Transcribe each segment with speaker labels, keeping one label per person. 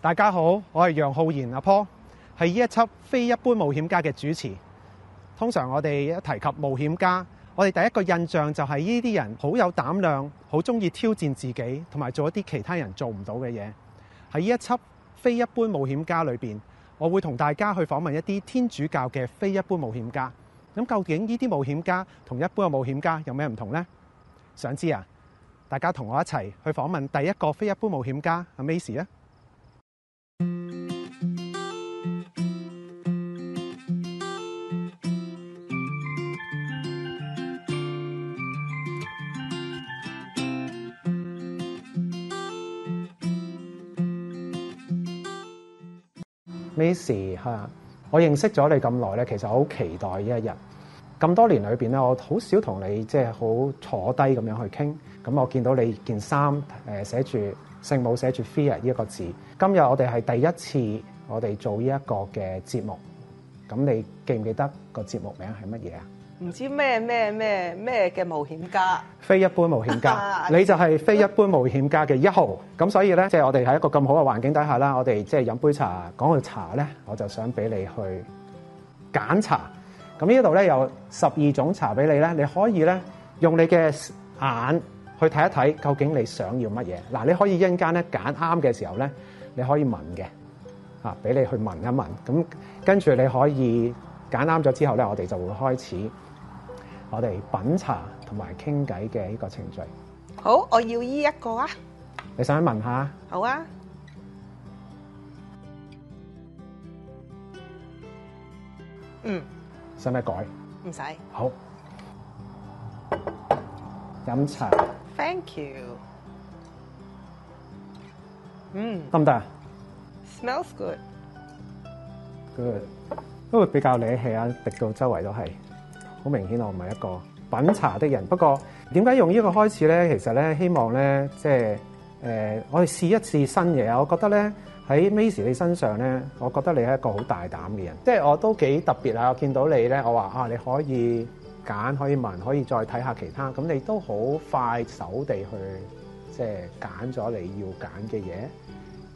Speaker 1: 大家好，我係楊浩然阿波，係呢一輯《非一般冒險家》嘅主持。通常我哋一提及冒險家，我哋第一個印象就係呢啲人好有膽量，好中意挑戰自己，同埋做一啲其他人做唔到嘅嘢。喺呢一輯《非一般冒險家》裏邊。我會同大家去訪問一啲天主教嘅非一般冒險家，咁究竟呢啲冒險家同一般嘅冒險家有咩唔同呢？想知啊？大家同我一齊去訪問第一個非一般冒險家阿 Maisy 啊！Missy，我認識咗你咁耐咧，其實好期待呢一日。咁多年裏邊，咧，我好少同你即係好坐低咁樣去傾。咁我見到你件衫，誒，寫住聖母，寫住 Fear 呢一個字。今日我哋係第一次，我哋做呢一個嘅節目。咁你記唔記得個節目名係乜嘢啊？
Speaker 2: 唔知咩咩咩咩嘅冒險家，
Speaker 1: 非一般冒險家， 你就係非一般冒險家嘅一號。咁所以咧，即係我哋喺一個咁好嘅環境底下啦，我哋即係飲杯茶講嘅茶咧，我就想俾你去揀茶。咁呢度咧有十二種茶俾你咧，你可以咧用你嘅眼去睇一睇，究竟你想要乜嘢嗱？你可以、啊、你聞一陣間咧揀啱嘅時候咧，你可以聞嘅啊，俾你去聞一聞。咁跟住你可以揀啱咗之後咧，我哋就會開始。我哋品茶同埋傾偈嘅呢個程序，
Speaker 2: 好，我要依一個啊！
Speaker 1: 你想聞下？好啊。嗯。使唔使改？
Speaker 2: 唔使。好。
Speaker 1: 飲茶。
Speaker 2: Thank you。
Speaker 1: 嗯。得唔得
Speaker 2: ？Smells good。
Speaker 1: good 都會比較理氣啊，滴到周圍都係。好明顯我唔係一個品茶的人，不過點解用呢個開始咧？其實咧，希望咧，即係、呃、我哋試一試新嘢。我覺得咧，喺 Macy 你身上咧，我覺得你係一個好大膽嘅人。即係我都幾特別啊！我見到你咧，我話啊，你可以揀，可以問，可以再睇下其他。咁你都好快手地去即係揀咗你要揀嘅嘢，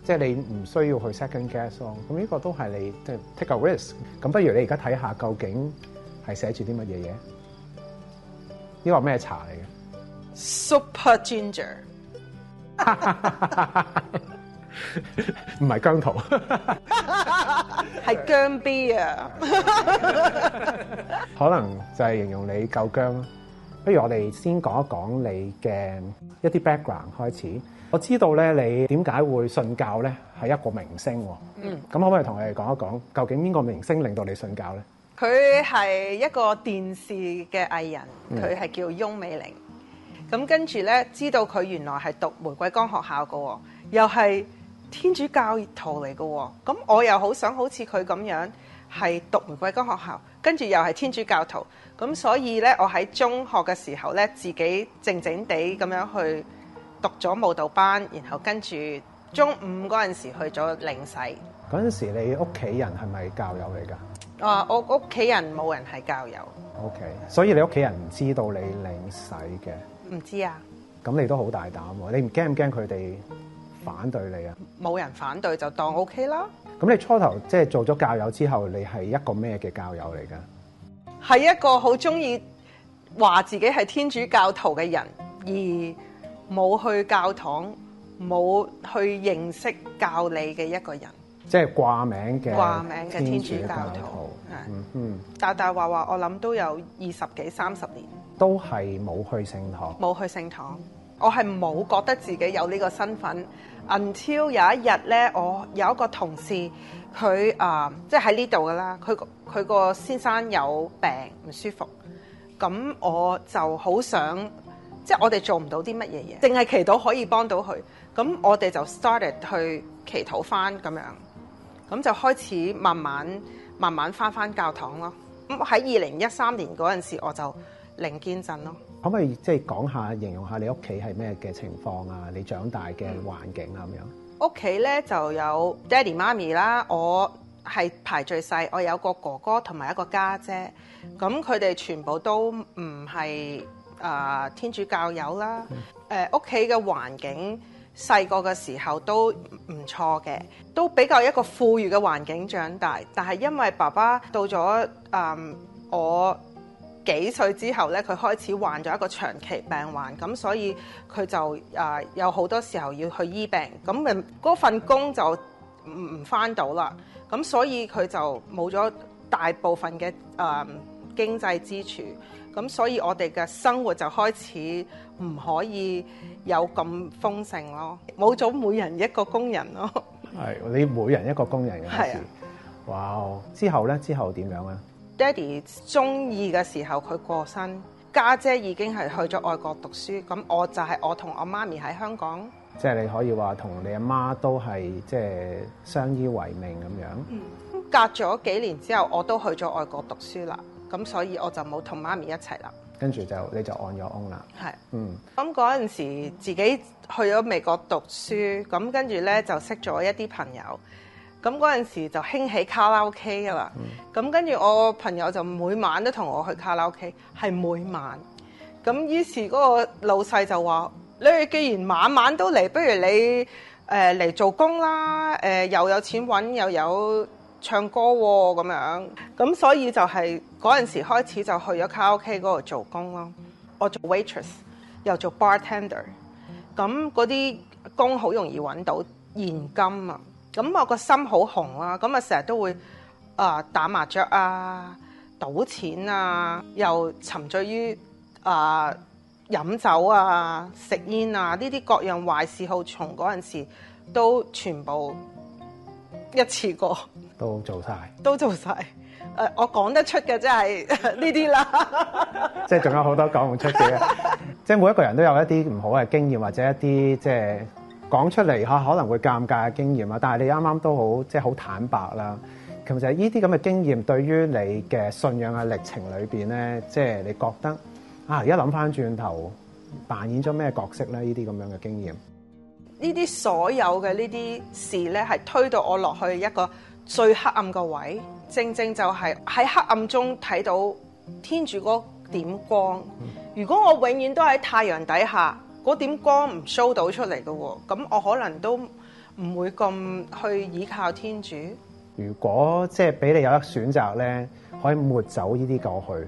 Speaker 1: 即係你唔需要去 second guess。咁呢個都係你即係 take a risk。咁不如你而家睇下究竟。係寫住啲乜嘢嘢？呢個咩茶嚟嘅
Speaker 2: ？Super Ginger，
Speaker 1: 唔係薑糖，
Speaker 2: 係薑啤啊！
Speaker 1: 可能就係形容你夠薑咯。不如我哋先講一講你嘅一啲 background 開始。我知道咧，你點解會信教咧？係一個明星，嗯，咁可唔可以同我哋講一講，究竟邊個明星令到你信教咧？
Speaker 2: 佢係一個電視嘅藝人，佢係叫翁美玲。咁跟住呢，知道佢原來係讀玫瑰崗學校嘅，又係天主教徒嚟嘅。咁我又好想好似佢咁樣，係讀玫瑰崗學校，跟住又係天主教徒。咁所以呢，我喺中學嘅時候呢，自己靜靜地咁樣去讀咗舞蹈班，然後跟住中五嗰陣時候去咗領洗。
Speaker 1: 嗰陣時，你屋企人係咪教友嚟㗎？
Speaker 2: 啊！我屋企人冇人係教友。
Speaker 1: O、okay. K，所以你屋企人唔知道你領洗嘅。唔知啊。咁你都好大膽喎、啊！你唔驚唔驚佢哋反對你啊？
Speaker 2: 冇人反對就當 O、OK、K 啦。
Speaker 1: 咁你初頭即係、就是、做咗教友之後，你係一個咩嘅教友嚟噶？
Speaker 2: 係一個好中意話自己係天主教徒嘅人，而冇去教堂、冇去認識教理嘅一個人。
Speaker 1: 即係掛名嘅天，天主教徒，嗯嗯。
Speaker 2: 大大話話，我諗都有二十幾三十年，
Speaker 1: 都係冇去聖堂，
Speaker 2: 冇去聖堂。我係冇覺得自己有呢個身份，Until 有一日咧，我有一個同事，佢啊，即係喺呢度噶啦。佢佢個先生有病唔舒服，咁我就好想，即係我哋做唔到啲乜嘢嘢，淨係祈禱可以幫到佢，咁我哋就 started 去祈禱翻咁樣。咁就開始慢慢慢慢翻翻教堂咯。咁喺二零一三年嗰陣時，我就領堅振咯。
Speaker 1: 可唔可以即係講下形容下你屋企係咩嘅情況啊？你長大嘅環境啊咁樣？
Speaker 2: 屋企咧就有爹哋媽咪啦，我係排最細，我有個哥哥同埋一個家姐。咁佢哋全部都唔係啊天主教友啦。誒，屋企嘅環境。細個嘅時候都唔錯嘅，都比較一個富裕嘅環境長大。但係因為爸爸到咗、嗯、我幾歲之後咧，佢開始患咗一個長期病患，咁所以佢就、嗯、有好多時候要去醫病，咁份工就唔翻到啦。咁所以佢就冇咗大部分嘅誒、嗯、經濟支柱。咁所以我哋嘅生活就開始唔可以有咁豐盛咯，冇咗每人一個工人咯。
Speaker 1: 係，你每人一個工人嘅事。係啊。哇！之後咧，之後點樣啊
Speaker 2: ？Daddy 中意嘅時候佢過身，家姐已經係去咗外國讀書，咁我就係我同我媽咪喺香港。
Speaker 1: 即係你可以話同你阿媽都係即係相依為命咁樣。嗯。
Speaker 2: 隔咗幾年之後，我都去咗外國讀書啦。咁所以我就冇同媽咪一齊啦，
Speaker 1: 跟住就你就按咗鈎啦。係，嗯。
Speaker 2: 咁嗰陣時自己去咗美國讀書，咁跟住咧就識咗一啲朋友。咁嗰陣時就興起卡拉 OK 啦。咁跟住我朋友就每晚都同我去卡拉 OK，係每晚。咁於是嗰個老細就話：你既然晚晚都嚟，不如你誒嚟、呃、做工啦。誒、呃、又有錢揾又有。唱歌喎、啊、咁樣，咁所以就係嗰陣時開始就去咗卡拉 OK 嗰度做工咯。我做 waitress，又做 bartender。咁嗰啲工好容易揾到現金啊！咁我個心好紅啊，咁啊成日都會啊、呃、打麻雀啊、賭錢啊，又沉醉於啊、呃、飲酒啊、食煙啊呢啲各樣壞事。好。從嗰陣時都全部。一次過
Speaker 1: 都做晒，
Speaker 2: 都做晒。誒，uh，我講得出嘅、就係、 些了 即係呢啲啦。
Speaker 1: 即係仲有好多講唔出嘅，即係每一個人都有一啲唔好嘅經驗或者一啲即係講出嚟嚇可能會尷尬嘅經驗啊。但係你啱啱都好即係好坦白啦。其實呢啲咁嘅經驗對於你嘅信仰嘅歷程裏邊咧，即係你覺得啊，而家諗翻轉頭扮演咗咩角色咧？呢啲咁樣嘅經驗。
Speaker 2: 呢啲所有嘅呢啲事咧，係推到我落去一個最黑暗嘅位，正正就係喺黑暗中睇到天主嗰點光。如果我永遠都喺太陽底下，嗰點光唔 show 到出嚟嘅，咁我可能都唔會咁去倚靠天主。
Speaker 1: 如果即係俾你有得選擇咧，可以抹走呢啲過去。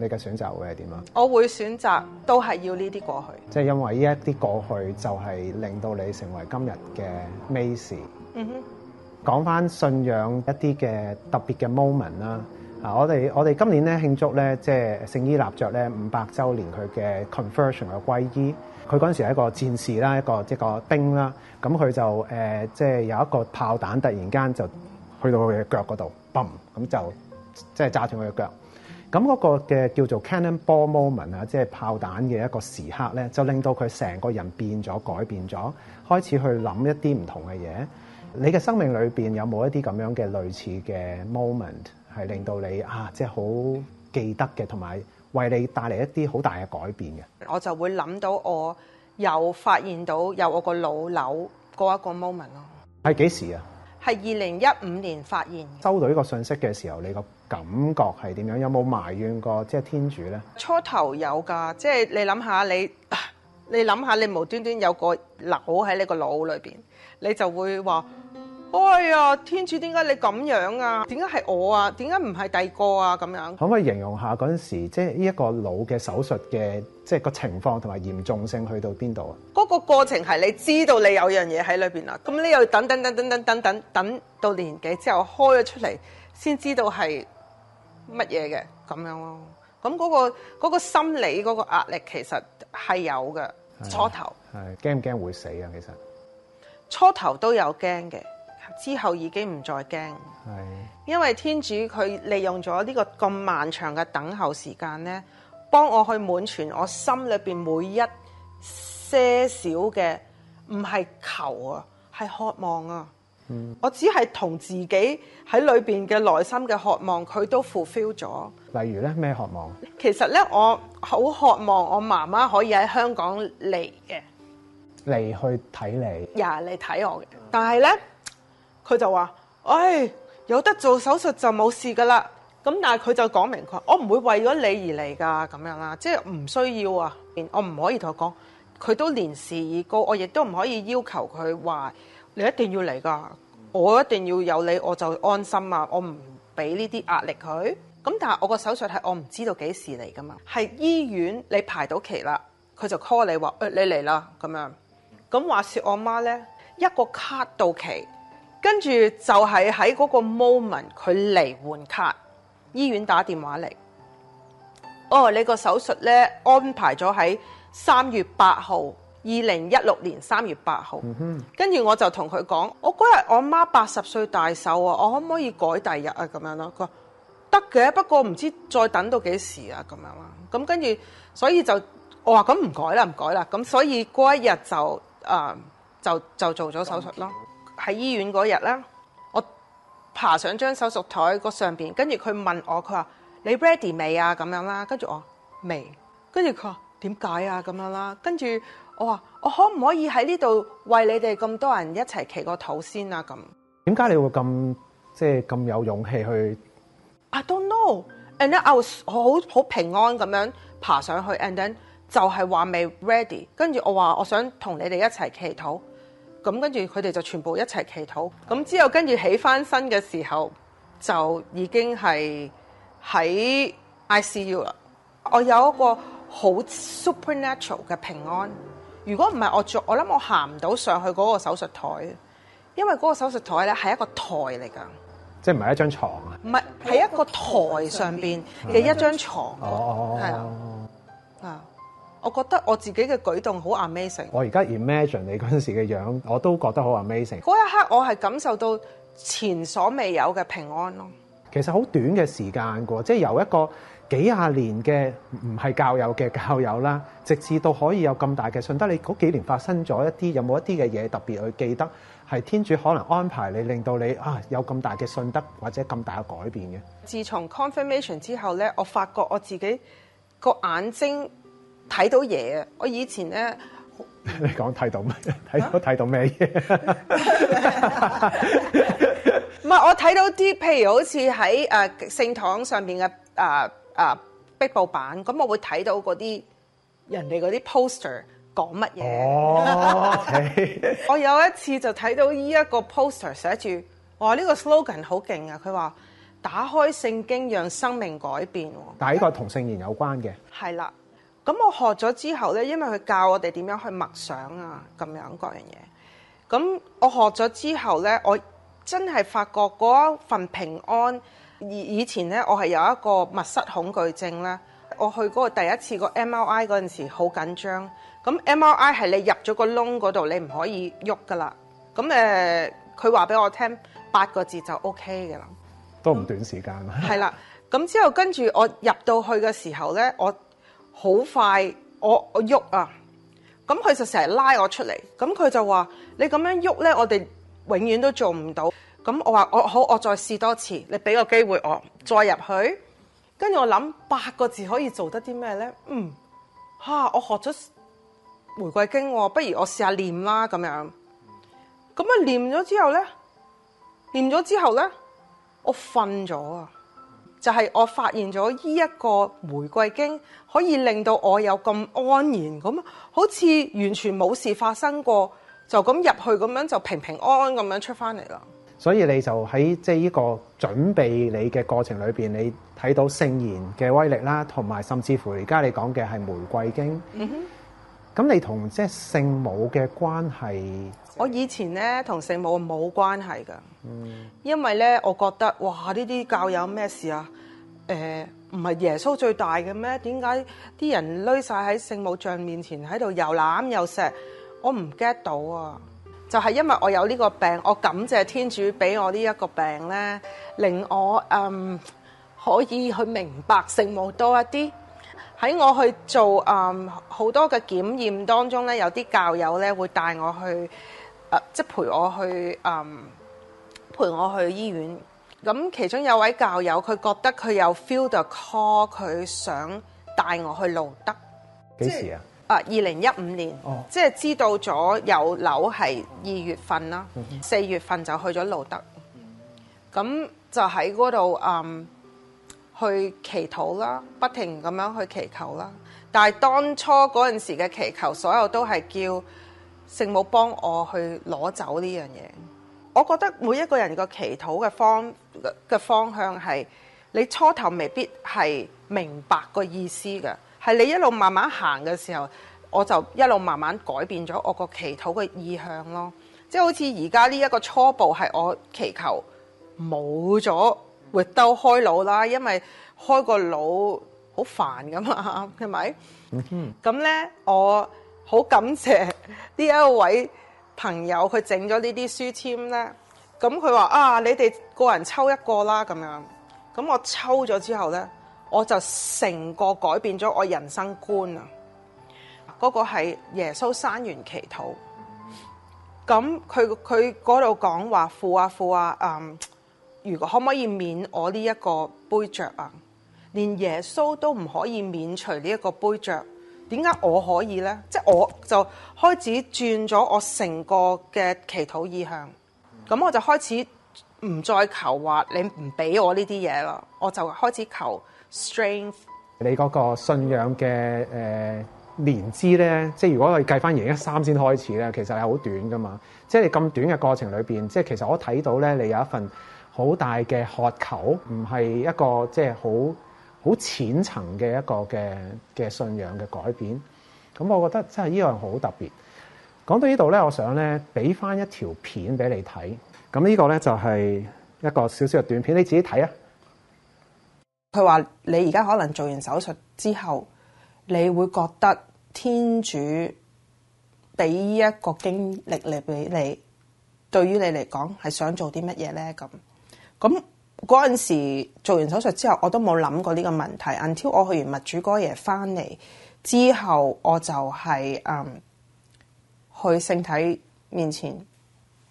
Speaker 1: 你嘅選擇會係點啊？
Speaker 2: 我會選擇都係要呢啲過去。
Speaker 1: 即係因為呢一啲過去就係令到你成為今日嘅 Macy。嗯哼。講翻信仰一啲嘅特別嘅 moment 啦。啊，我哋我哋今年咧慶祝咧，即係聖伊納爵咧五百週年佢嘅 conversion 嘅皈依。佢嗰陣時係一個戰士啦，一個即係個丁啦。咁佢就誒，即係有一個炮彈突然間就去到佢嘅腳嗰度，嘣咁就即係炸斷佢嘅腳。咁、那、嗰個嘅叫做 cannonball moment 啊，即係炮彈嘅一個時刻咧，就令到佢成個人變咗、改變咗，開始去諗一啲唔同嘅嘢。你嘅生命裏面有冇一啲咁樣嘅類似嘅 moment，係令到你啊，即係好記得嘅，同埋為你帶嚟一啲好大嘅改變嘅？
Speaker 2: 我就會諗到我又發現到有我的老的個老樓嗰一個 moment 咯。
Speaker 1: 係幾時啊？
Speaker 2: 係二零一五年發現
Speaker 1: 收到呢個信息嘅時候，你個。感覺係點樣？有冇埋怨過即係天主咧？
Speaker 2: 初頭有㗎，即係你諗下你，你諗下你無端端有個瘤喺你個腦裏邊，你就會話：哎呀，天主點解你咁樣啊？點解係我啊？點解唔係第個啊？咁樣可
Speaker 1: 唔可以形容下嗰陣時，即係呢一個腦嘅手術嘅，即係個情況同埋嚴重性去到邊度啊？
Speaker 2: 嗰個過程係你知道你有樣嘢喺裏邊啦，咁你又等等等等等等等等到年紀之後開咗出嚟，先知道係。乜嘢嘅咁樣咯？咁嗰個嗰個心理嗰個壓力，其實係有嘅。初頭
Speaker 1: 係驚唔驚會死啊？其實
Speaker 2: 初頭都有驚嘅，之後已經唔再驚，係因為天主佢利用咗呢個咁漫長嘅等候時間咧，幫我去滿全我心裏邊每一些少嘅唔係求啊，係渴望啊。我只係同自己喺裏邊嘅內心嘅渴望，佢都 fulfill 咗。
Speaker 1: 例如咧，咩渴望？
Speaker 2: 其實咧，我好渴望我媽媽可以喺香港嚟嘅，
Speaker 1: 嚟去睇你。
Speaker 2: 呀，你睇我嘅。但係咧，佢就話，唉、哎，有得做手術就冇事噶啦。咁但係佢就講明佢，我唔會為咗你而嚟噶，咁樣啦，即係唔需要啊。我唔可以同佢講，佢都年事已高，我亦都唔可以要求佢話。你一定要嚟噶，我一定要有你，我就安心啊！我唔俾呢啲壓力佢。咁但係我個手術係我唔知道幾時嚟噶嘛，係醫院你排到期啦，佢就 call 你話，誒你嚟啦咁樣。咁話說我媽呢，一個卡到期，跟住就係喺嗰個 moment 佢嚟換卡，醫院打電話嚟，哦，你個手術呢安排咗喺三月八號。二零一六年三月八號，跟住我就同佢講：我嗰日我媽八十歲大壽啊，我可唔可以改第二日啊？咁樣咯，佢話得嘅，不過唔知再等到幾時啊。咁樣啦，咁跟住所以就我話咁唔改啦，唔改啦。咁所以過一日就誒就就做咗手術咯。喺醫院嗰日咧，我爬上張手術台個上邊，跟住佢問我：佢話你 ready 未啊？咁樣啦，跟住我未，跟住佢話點解啊？咁樣啦，跟住。我話我可唔可以喺呢度為你哋咁多人一齊祈個禱先啊？咁
Speaker 1: 點解你會咁即係咁有勇氣去
Speaker 2: ？I don't know. And I was 我好好平安咁樣爬上去，and then 就係話未 ready。跟住我話我想同你哋一齊祈禱。咁跟住佢哋就全部一齊祈禱。咁之後跟住起返身嘅時候，就已經係喺 ICU 啦。我有一個好 supernatural 嘅平安。如果唔係我做，我諗我行唔到上去嗰個手術台，因為嗰個手術台咧係一個台嚟㗎。即
Speaker 1: 係唔係一張床，
Speaker 2: 啊？唔係，係一個台上邊嘅一、那個、一張床。哦，係哦啊。啊，我覺得我自己嘅舉動好 amazing。
Speaker 1: 我而家 imagine 你嗰陣時嘅樣，我都覺得好 amazing。
Speaker 2: 嗰一刻我係感受到前所未有嘅平安咯。
Speaker 1: 其實好短嘅時間喎，即係由一個。幾廿年嘅唔係教友嘅教友啦，直至到可以有咁大嘅信德。你嗰幾年發生咗一啲，有冇一啲嘅嘢特別去記得？係天主可能安排你，令到你啊有咁大嘅信德，或者咁大嘅改變嘅。
Speaker 2: 自從 confirmation 之後咧，我發覺我自己個眼睛睇到嘢。我以前咧，
Speaker 1: 你講睇到咩？啊、睇到睇到咩嘢？
Speaker 2: 唔係，我睇到啲，譬如好似喺、呃、聖堂上面嘅、呃啊！壁布版咁，我會睇到嗰啲人哋嗰啲 poster 講乜嘢？我有一次就睇到呢一個 poster 寫住哇！呢、呢個 slogan 好勁啊！佢話打開聖經讓生命改變，啊。
Speaker 1: 但係呢個同聖言有關嘅。
Speaker 2: 係啦，咁我學咗之後呢，因為佢教我哋點樣去默想啊，咁樣各樣嘢。咁我學咗之後呢，我真係發覺嗰一份平安。以以前咧，我係有一個密室恐懼症啦。我去嗰個第一次個 MRI 嗰陣時，好緊張。咁 MRI 係你入咗個窿嗰度，你唔可以喐㗎啦。咁誒，佢話俾我聽八個字就 OK 㗎啦。
Speaker 1: 都唔短時間。
Speaker 2: 係啦。咁之後跟住我入到去嘅時候咧，我好快，我我喐啊。咁佢就成日拉我出嚟。咁佢就話：你咁樣喐咧，我哋永遠都做唔到。咁我話我好，我再試多次。你俾個機會我再入去。跟住我諗八個字可以做得啲咩呢？嗯，吓、啊，我學咗玫瑰經喎，不如我試下念啦。咁樣咁一念咗之後呢，念咗之後呢，我瞓咗啊！就係、是、我發現咗呢一個玫瑰經可以令到我有咁安然咁，好似完全冇事發生過，就咁入去咁樣就平平安安咁樣出返嚟啦。
Speaker 1: 所以你就喺即係依個準備你嘅過程裏邊，你睇到聖言嘅威力啦，同埋甚至乎而家你講嘅係玫瑰經。咁、嗯、你同即係聖母嘅關係？
Speaker 2: 我以前咧同聖母冇關係噶、嗯，因為咧我覺得哇呢啲教有咩事啊？誒唔係耶穌最大嘅咩？點解啲人攆晒喺聖母像面前喺度又攬又錫？我唔 get 到啊！就係、是、因為我有呢個病，我感謝天主俾我呢一個病咧，令我嗯可以去明白聖母多一啲。喺我去做嗯好多嘅檢驗當中咧，有啲教友咧會帶我去，誒、呃、即係陪我去嗯陪我去醫院。咁其中有位教友，佢覺得佢有 feel the call，佢想帶我去露德。幾時啊？啊！二零一五年，oh. 即係知道咗有樓係二月份啦，四月份就去咗路德，咁就喺嗰度嗯去祈禱啦，不停咁樣去祈求啦。但係當初嗰陣時嘅祈求，所有都係叫聖母幫我去攞走呢樣嘢。我覺得每一個人個祈禱嘅方嘅方向係你初頭未必係明白個意思嘅。係你一路慢慢行嘅時候，我就一路慢慢改變咗我個祈禱嘅意向咯。即係好似而家呢一個初步係我祈求冇咗活兜開腦啦，因為開個腦好煩噶嘛，係咪？咁 咧，我好感謝呢一位朋友佢整咗呢啲書籤咧。咁佢話啊，你哋個人抽一個啦咁樣。咁我抽咗之後咧。我就成個改變咗我人生觀啊！嗰個係耶穌山園祈禱，咁佢佢嗰度講話，父啊，父啊，嗯，如果可唔可以免我呢一個杯酌啊？連耶穌都唔可以免除呢一個杯酌，點解我可以呢？即係我就開始轉咗我成個嘅祈禱意向，咁我就開始唔再求話，啊、你唔俾我呢啲嘢啦，我就開始求。strength，
Speaker 1: 你嗰個信仰嘅誒年資咧，即係如果我哋計翻二零一三先開始咧，其實係好短噶嘛。即係你咁短嘅過程裏邊，即係其實我睇到咧，你有一份好大嘅渴求，唔係一個即係好好淺層嘅一個嘅嘅信仰嘅改變。咁我覺得真係呢樣好特別。講到這裡呢度咧，我想咧俾翻一條片俾你睇。咁呢個咧就係、是、一個少少嘅短片，你自己睇啊。佢話
Speaker 2: 你而家可能做完手術之後，你會覺得天主俾一個經歷嚟俾你，對於你嚟講係想做啲乜嘢呢？咁咁嗰陣時做完手術之後，我都冇諗過呢個問題。Until 我去完默主哥耶翻嚟之後，我就係、是嗯、去聖體面前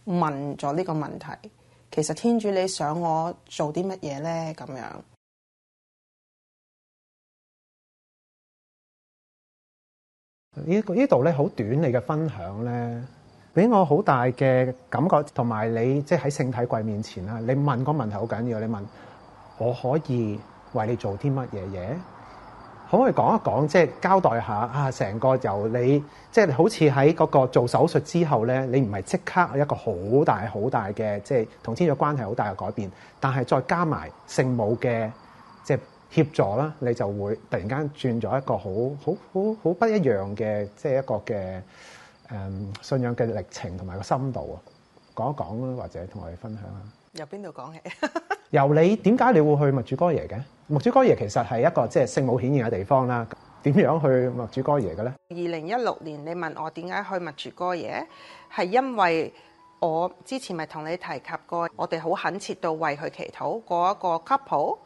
Speaker 2: 問咗呢個問題。其實天主你想我做啲乜嘢呢？咁樣。
Speaker 1: 呢個呢度咧好短，你嘅分享咧俾我好大嘅感覺，同埋你即係喺聖體櫃面前啦，你問嗰個問題好緊要，你問我可以為你做啲乜嘢嘢？可唔可以講一講，即係交代下啊？成個由你即係好似喺嗰個做手術之後咧，你唔係即刻有一個好大好大嘅即係同天主關係好大嘅改變，但係再加埋聖母嘅即係。協助啦，你就會突然間轉咗一個好好好好不一樣嘅，即係一個嘅誒、嗯、信仰嘅歷程同埋個深度啊！講一講啦，或者同我哋分享下。
Speaker 2: 由邊度講起？
Speaker 1: 由你點解你會去默主哥耶嘅？默主哥耶其實係一個即係聖母顯現嘅地方啦。點樣去默主哥耶嘅咧？
Speaker 2: 二零一六年，你問我點解去默主哥耶，係因為我之前咪同你提及過，我哋好懇切到為佢祈禱嗰一個 couple。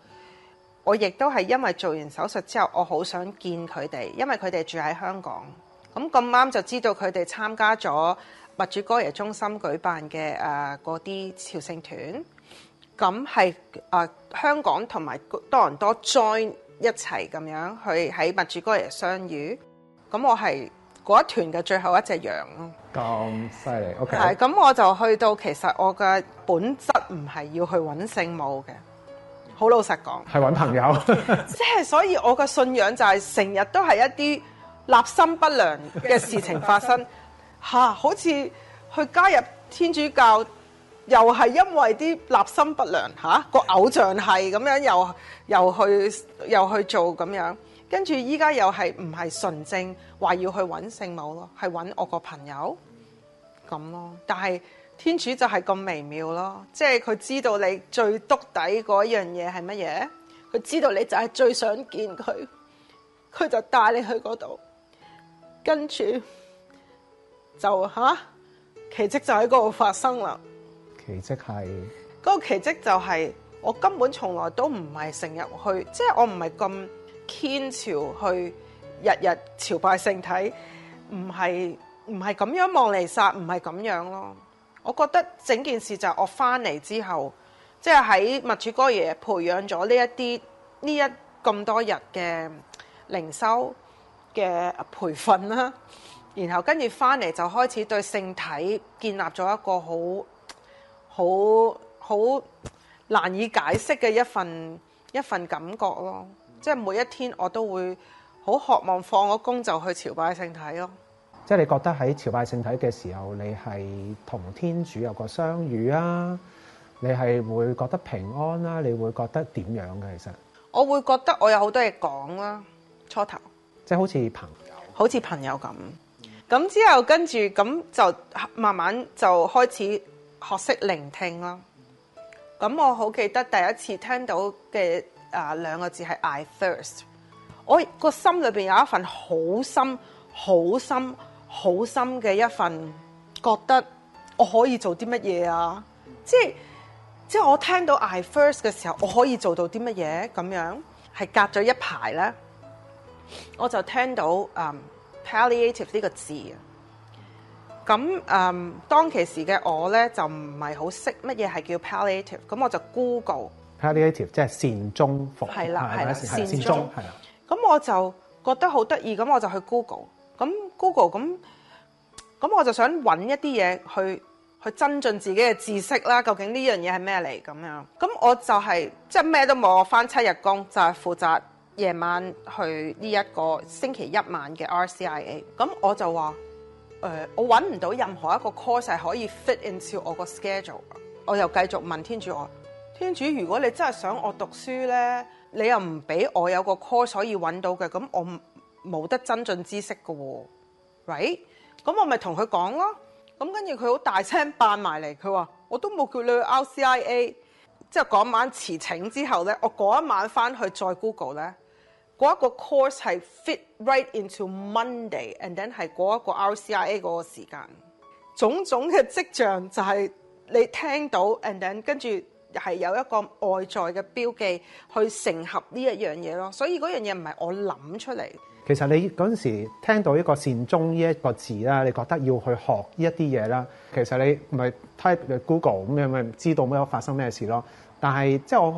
Speaker 2: 我亦都係因為做完手術之後，我好想見佢哋，因為佢哋住喺香港。咁咁啱就知道佢哋參加咗默主哥耶中心舉辦嘅誒嗰啲朝聖團。咁係誒香港同埋多倫多 join 一齊咁樣去喺默主哥耶相遇。咁我係嗰一團嘅最後一隻羊
Speaker 1: 咯。咁犀利，OK、啊。係，咁
Speaker 2: 我就去到，其實我嘅本質唔係要去揾聖母嘅。好老實講，
Speaker 1: 係搵朋友，
Speaker 2: 即 係所以我個信仰就係成日都係一啲立心不良嘅事情發生，吓 好似去加入天主教，又係因為啲立心不良吓個、啊、偶像係咁樣，又又去又去做咁樣，跟住依家又係唔係純正，話要去搵聖母咯，係搵我個朋友咁咯，但係。天主就係咁微妙咯，即係佢知道你最篤底嗰樣嘢係乜嘢，佢知道你就係最想見佢，佢就帶你去嗰度，跟住就吓、啊，奇蹟就喺嗰度發生啦。
Speaker 1: 奇蹟係
Speaker 2: 嗰個奇蹟就係我根本從來都唔係成日去，即係我唔係咁虔朝去，日日朝拜聖體，唔係唔係咁樣望嚟殺，唔係咁樣咯。我覺得整件事就係我翻嚟之後，即係喺默主哥耶培養咗呢一啲呢一咁多日嘅靈修嘅培訓啦，然後跟住翻嚟就開始對聖體建立咗一個好好好難以解釋嘅一份一份感覺咯，即係每一天我都會好渴望放咗工就去朝拜聖體咯。
Speaker 1: 即係你覺得喺朝拜聖體嘅時候，你係同天主有個相遇啊？你係會覺得平安啦、啊？你會覺得點樣嘅、啊？其實
Speaker 2: 我會覺得我有好多嘢講啦，初頭
Speaker 1: 即係好似朋
Speaker 2: 友，好似朋友咁。咁、嗯、之後跟住咁就慢慢就開始學識聆聽啦。咁我好記得第一次聽到嘅啊兩個字係 I thirst。我個心裏面有一份好深、好深。好深嘅一份，覺得我可以做啲乜嘢啊？即係即係我聽到 I first 嘅時候，我可以做到啲乜嘢咁樣？係隔咗一排咧，我就聽到、um, palliative 呢個字啊。咁、um, 當其時嘅我咧就唔係好識乜嘢係叫 palliative，咁我就 Google
Speaker 1: palliative 即係善終服務，係啦，係啦善善終，係
Speaker 2: 啦。咁我就覺得好得意，咁我就去 Google。Google 咁咁我就想揾一啲嘢去去增進自己嘅知識啦。究竟呢樣嘢係咩嚟咁樣？咁 我就係、是、即係咩都冇，我返七日工就係、是、負責夜晚去呢一個星期一晚嘅 RCIA。咁我就話、呃、我揾唔到任何一個 course 係可以 fit into 我個 schedule 的。我又繼續問天主我：天主，如果你真係想我讀書呢，你又唔俾我有個 course 可以揾到嘅，咁我冇得增進知識嘅喎、哦。喂，咁我咪同佢講咯。咁跟住佢好大聲扮埋嚟，佢話我都冇叫你去 RCIA。即係嗰晚辭請之後咧，我嗰一晚翻去再 Google 咧，嗰一個 course 係 fit right into Monday，and then 係嗰一個 RCIA 嗰個時間。種種嘅跡象就係你聽到，and then 跟住係有一個外在嘅標記去成合呢一樣嘢咯。所以嗰樣嘢唔係我諗出嚟。
Speaker 1: 其實你嗰陣時聽到這個終一個善終呢一個字啦，你覺得要去學呢一啲嘢啦。其實你唔係 type Google 咁樣，咪知道咩發生咩事咯。但係即係我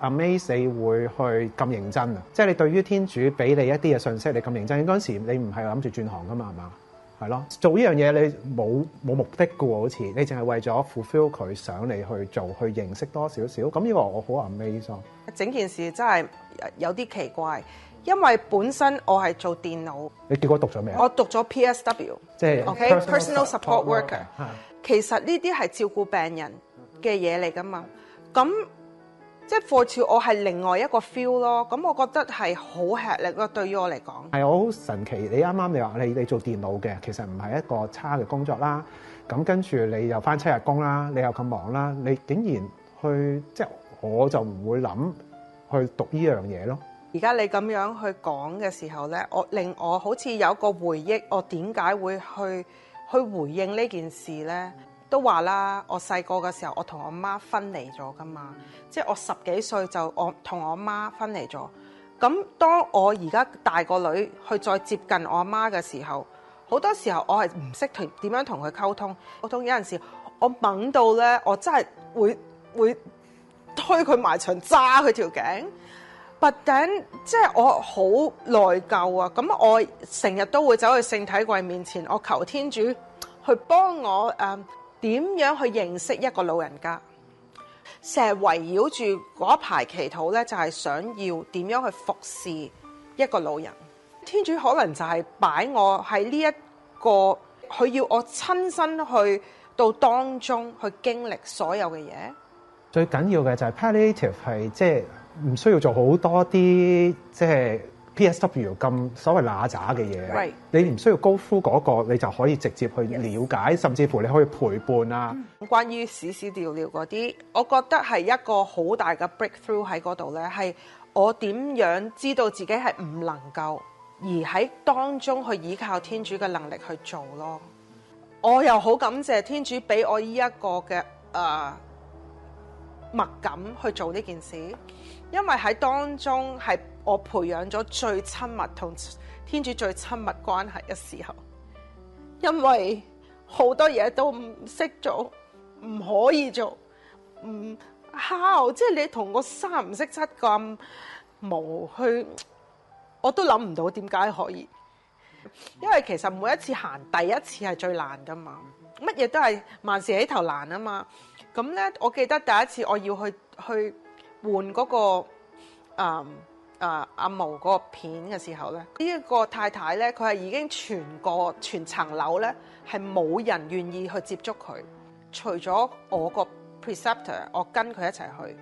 Speaker 1: 好 amaze 你會去咁認真啊！即係你對於天主俾你一啲嘅信息，你咁認真嗰陣時你不是是你，你唔係諗住轉行噶嘛？係嘛？係咯，做呢樣嘢你冇冇目的嘅喎，好似你淨係為咗 fulfill 佢想你去做，去認識多少少。咁呢個我好 amaze 咯，
Speaker 2: 整件事真係有啲奇怪。因為本身我係做電腦，
Speaker 1: 你結果讀咗咩啊？我
Speaker 2: 讀咗 PSW，即係 OK personal support, personal support worker。啊、其實呢啲係照顧病人嘅嘢嚟㗎嘛，咁即係 for me，我係另外一個 feel 咯。咁我覺得係好吃力咯，對於我嚟講
Speaker 1: 係好神奇。你啱啱你話你你做電腦嘅，其實唔係一個差嘅工作啦。咁跟住你又返七日工啦，你又咁忙啦，你竟然去，即係我就唔會諗去讀呢樣嘢咯。
Speaker 2: 而家你咁樣去講嘅時候咧，我令我好似有個回憶，我點解會去去回應呢件事咧？都話啦，我細個嘅時候我同我媽分離咗㗎嘛，即係我十幾歲就我同我媽分離咗。咁當我而家大個女去再接近我阿媽嘅時候，好多時候我係唔識同點樣同佢溝通。溝通有陣時我掹到咧，我真係會會推佢埋牆，揸佢條頸。特定即係我好內疚啊！咁我成日都會走去聖體櫃面前，我求天主去幫我誒點樣去認識一個老人家。成日圍繞住嗰排祈禱咧，就係想要點樣去服侍一個老人。天主可能就係擺我喺呢一個，佢要我親身去到當中去經歷所有嘅嘢。
Speaker 1: 最緊要嘅就係 palliative 係，即係。唔需要做好多啲即係 PSW 咁所謂喇咋嘅嘢，right，你唔需要高呼嗰個你就可以直接去了解，yes。甚至乎你可以陪伴啊、
Speaker 2: 嗯。關於屎屎尿尿嗰啲，我覺得係一個好大嘅 breakthrough 喺嗰度咧，係我點樣知道自己係唔能夠，而喺當中去依靠天主嘅能力去做咯。我又好感謝天主俾我呢一個嘅誒默感去做呢件事。因為喺當中係我培養咗最親密同天主最親密關係嘅時候，因為好多嘢都唔識做，唔可以做，唔考，即係你同個三唔識七咁無去，我都諗唔到點解可以。因為其實每一次行第一次係最難㗎嘛，乜嘢都係萬事起頭難啊嘛。咁咧，我記得第一次我要去去。換嗰、那個、嗯、啊啊阿毛嗰個片嘅時候咧，呢、這、一個太太咧，佢係已經全個全層樓咧係冇人願意去接觸佢，除咗我個 preceptor，我跟佢一齊去。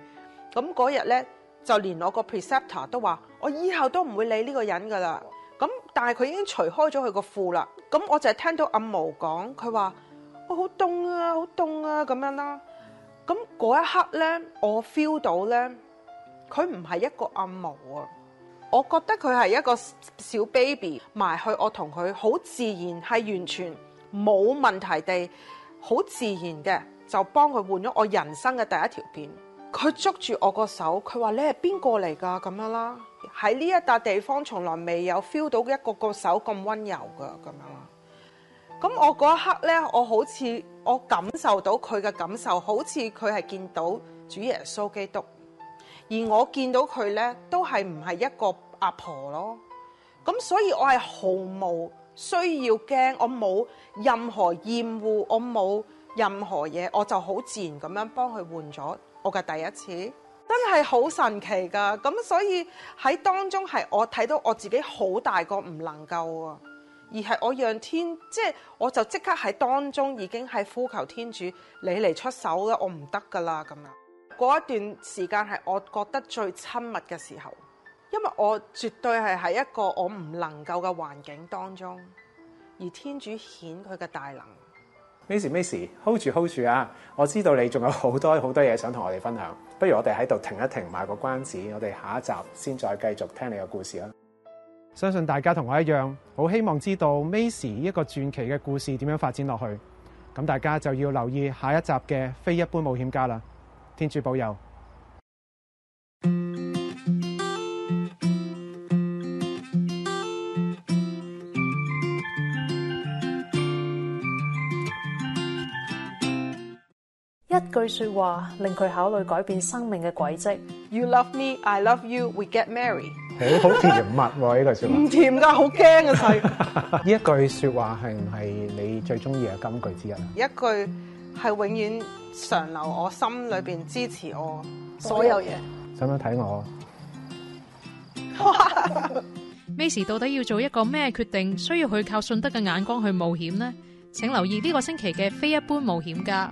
Speaker 2: 咁嗰日咧就連我個 preceptor 都話：我以後都唔會理呢個人㗎啦。咁但係佢已經除開咗佢個褲啦。咁我就係聽到阿毛講，佢話：我好凍啊，好凍啊咁樣啦。咁嗰一刻咧，我 feel 到咧，佢唔係一個暗毛啊，我覺得佢係一個小 baby，埋去我同佢好自然，係完全冇問題地，好自然嘅就幫佢換咗我人生嘅第一條片。佢捉住我個手，佢話：你係邊個嚟㗎？咁樣啦，喺呢一笪地方從來未有 feel 到一個個手咁溫柔㗎咁樣啦。咁我嗰一刻咧，我好似～我感受到佢嘅感受，好似佢係見到主耶穌基督，而我見到佢呢，都係唔係一個阿婆咯。咁所以我係毫無需要驚，我冇任何厭惡，我冇任何嘢，我就好自然咁樣幫佢換咗我嘅第一次，真係好神奇噶。咁所以喺當中係我睇到我自己好大個唔能夠啊。而係我讓天，即係我就即刻喺當中已經係呼求天主，你嚟出手啦！我唔得噶啦咁啦。嗰一段時間係我覺得最親密嘅時候，因為我絕對係喺一個我唔能夠嘅環境當中，而天主顯佢嘅大能。
Speaker 1: 咩事咩事？Hold 住 Hold 住啊！我知道你仲有好多好多嘢想同我哋分享，不如我哋喺度停一停，買個關子，我哋下一集先再繼續聽你嘅故事啦。相信大家同我一樣，好希望知道 Maisie 一個傳奇嘅故事點樣發展落去。咁大家就要留意下一集嘅《非一般冒險家》啦。天主保佑。一句說話
Speaker 2: 令佢考慮改變生命嘅軌跡。You love me, I love you, we get married.
Speaker 1: 好 好甜蜜喎，啊，呢句說話唔
Speaker 2: 甜噶，好驚啊細！呢
Speaker 1: 一句說話係唔係你最中意嘅金句之一啊？
Speaker 2: 一句係永遠常留我心裏邊，支持我所
Speaker 1: 有嘢。想唔想睇我？哇 ！Mais 到底要做一個咩決定？需要去靠信德嘅眼光去冒險呢？請留意呢個星期嘅非一般冒險家。